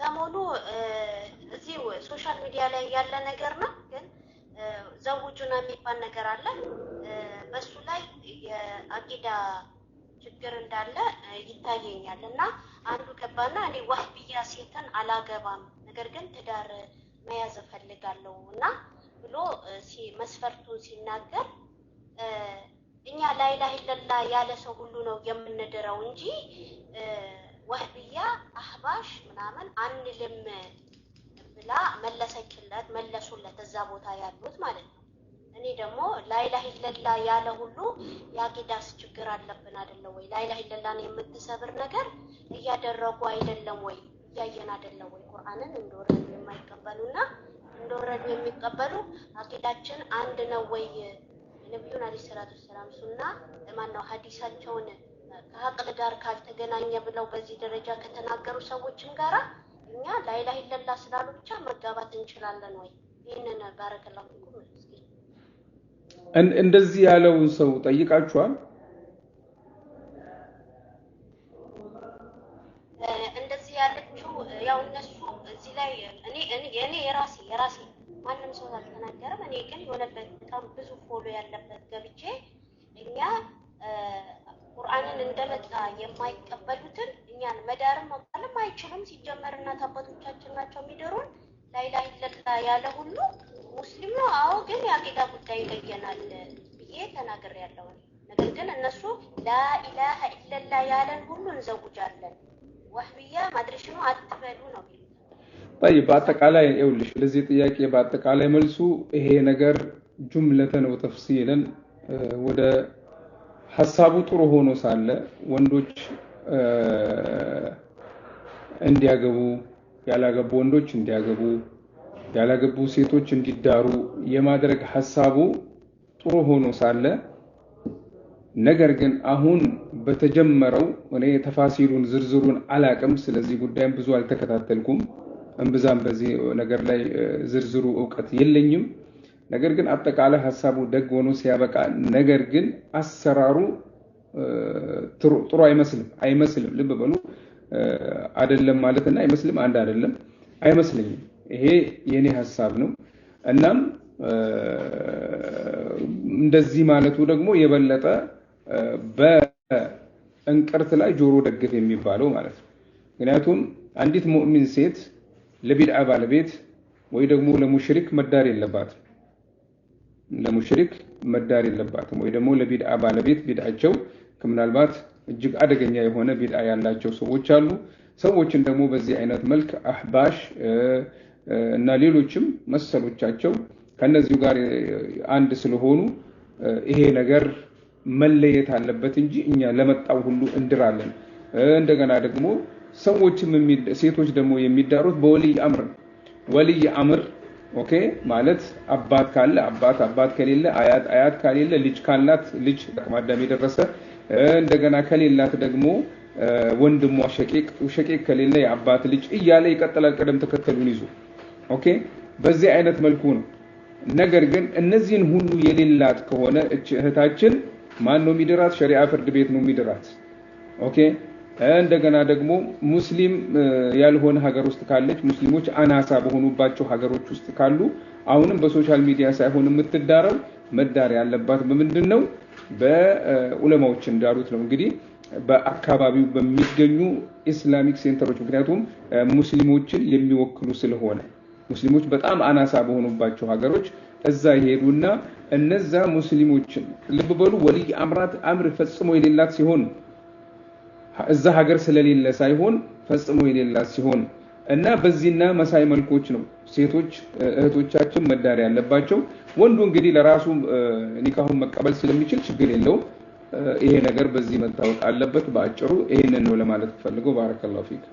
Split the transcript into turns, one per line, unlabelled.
ሰሞኑ እዚህ ሶሻል ሚዲያ ላይ ያለ ነገር ነው። ግን ዘውጁና የሚባል ነገር አለ። በሱ ላይ የአቂዳ ችግር እንዳለ ይታየኛል። እና አንዱ ገባና እኔ ዋህብያ ሴትን አላገባም፣ ነገር ግን ትዳር መያዝ እፈልጋለሁ እና ብሎ መስፈርቱን ሲናገር እኛ ላይላህ ለላ ያለ ሰው ሁሉ ነው የምንድረው እንጂ ወህብያ አህባሽ ምናምን አንልም ብላ መለሰችለት፣ መለሱለት እዛ ቦታ ያሉት ማለት ነው። እኔ ደግሞ ላይላ ሂለላ ያለ ሁሉ የአቂዳስ ችግር አለብን አይደለም ወይ? ላይላ ሂለላን የምትሰብር ነገር እያደረጉ አይደለም ወይ? እያየን አይደለም ወይ? ቁርአንን እንደወረዱ የማይቀበሉና እንደወረዱ የሚቀበሉ አቂዳችን አንድ ነው ወይ? ነቢዩን አለይሂ ሰላቱ ወሰላም ሱና ማነው ሀዲሳቸውን ከአቅል ጋር ካልተገናኘ ብለው በዚህ ደረጃ ከተናገሩ ሰዎችም ጋራ እኛ ላይላ ይለላ ስላሉ ብቻ መጋባት እንችላለን ወይ? ይህንን ባረከላ
እንደዚህ ያለውን ሰው ጠይቃችኋል?
እንደዚህ ያለችው ያው እነሱ እዚህ ላይ እኔ እኔ የራሴ የራሴ ማንም ሰው አልተናገረም። እኔ ግን የሆነበት በጣም ብዙ ፎሎ ያለበት ገብቼ እኛ ቃልን እንደመጣ የማይቀበሉትን እኛን መዳርም መባልም አይችሉም። ሲጀመር እናት አባቶቻችን ናቸው የሚደሩን። ላይ ላይ ለላ ያለ ሁሉ ሙስሊሙ አዎ፣ ግን የአቂዳ ጉዳይ ይለየናል ብዬ ተናገር ያለውን ነገር ግን እነሱ ላኢላሀ ኢለላ ያለን ሁሉ እንዘውጃለን። ወህብያ ማድረሽ ነው አትበሉ ነው
ይ በአጠቃላይ ይኸውልሽ፣ ለዚህ ጥያቄ በአጠቃላይ መልሱ ይሄ ነገር ጁምለተን ወተፍሲለን ወደ ሀሳቡ ጥሩ ሆኖ ሳለ ወንዶች እንዲያገቡ ያላገቡ ወንዶች እንዲያገቡ ያላገቡ ሴቶች እንዲዳሩ የማድረግ ሀሳቡ ጥሩ ሆኖ ሳለ ነገር ግን አሁን በተጀመረው እኔ የተፋሲሉን ዝርዝሩን አላቅም። ስለዚህ ጉዳይም ብዙ አልተከታተልኩም። እምብዛም በዚህ ነገር ላይ ዝርዝሩ እውቀት የለኝም። ነገር ግን አጠቃላይ ሀሳቡ ደግ ሆኖ ሲያበቃ፣ ነገር ግን አሰራሩ ጥሩ አይመስልም አይመስልም። ልብ በሉ አይደለም ና አይመስልም አንድ አይደለም። አይመስለኝም። ይሄ የእኔ ሀሳብ ነው። እናም እንደዚህ ማለቱ ደግሞ የበለጠ በእንቅርት ላይ ጆሮ ደግፍ የሚባለው ማለት ነው። ምክንያቱም አንዲት ሙእሚን ሴት ለቢድአ ባለቤት ወይ ደግሞ ለሙሽሪክ መዳር የለባትም። ለሙሽሪክ መዳር የለባትም ወይ ደግሞ ለቢድአ ባለቤት ቢድአቸው ምናልባት እጅግ አደገኛ የሆነ ቢድአ ያላቸው ሰዎች አሉ። ሰዎችን ደግሞ በዚህ አይነት መልክ አህባሽ እና ሌሎችም መሰሎቻቸው ከነዚሁ ጋር አንድ ስለሆኑ ይሄ ነገር መለየት አለበት እንጂ እኛ ለመጣው ሁሉ እንድራለን። እንደገና ደግሞ ሰዎችም ሴቶች ደግሞ የሚዳሩት በወልይ አምር ወልይ አምር ኦኬ ማለት አባት ካለ አባት አባት ከሌለ አያት አያት ከሌለ ልጅ ካላት ልጅ አቅማዳም የደረሰ እንደገና ከሌላት ደግሞ ወንድሟ ሸቂቅ ሸቂቅ ከሌለ የአባት ልጅ እያለ ይቀጥላል ቅደም ተከተሉን ይዞ ኦኬ በዚህ አይነት መልኩ ነው ነገር ግን እነዚህን ሁሉ የሌላት ከሆነ እህታችን ማን ነው የሚድራት ሸሪዓ ፍርድ ቤት ነው የሚድራት ኦኬ እንደገና ደግሞ ሙስሊም ያልሆነ ሀገር ውስጥ ካለች ሙስሊሞች አናሳ በሆኑባቸው ሀገሮች ውስጥ ካሉ አሁንም በሶሻል ሚዲያ ሳይሆን የምትዳረው መዳር ያለባት በምንድን ነው? በዑለማዎች እንዳሉት ነው እንግዲህ በአካባቢው በሚገኙ ኢስላሚክ ሴንተሮች፣ ምክንያቱም ሙስሊሞችን የሚወክሉ ስለሆነ ሙስሊሞች በጣም አናሳ በሆኑባቸው ሀገሮች እዛ ይሄዱና እነዛ ሙስሊሞችን ልብ በሉ ወልይ አምራት አምር ፈጽሞ የሌላት ሲሆን እዛ ሀገር ስለሌለ ሳይሆን ፈጽሞ የሌላ ሲሆን እና በዚህና መሳይ መልኮች ነው ሴቶች እህቶቻችን መዳር ያለባቸው። ወንዱ እንግዲህ ለራሱ ኒካሁን መቀበል ስለሚችል ችግር የለውም። ይሄ ነገር በዚህ መታወቅ አለበት። በአጭሩ ይህንን ነው ለማለት ፈልገው። ባረከላሁ ፊክ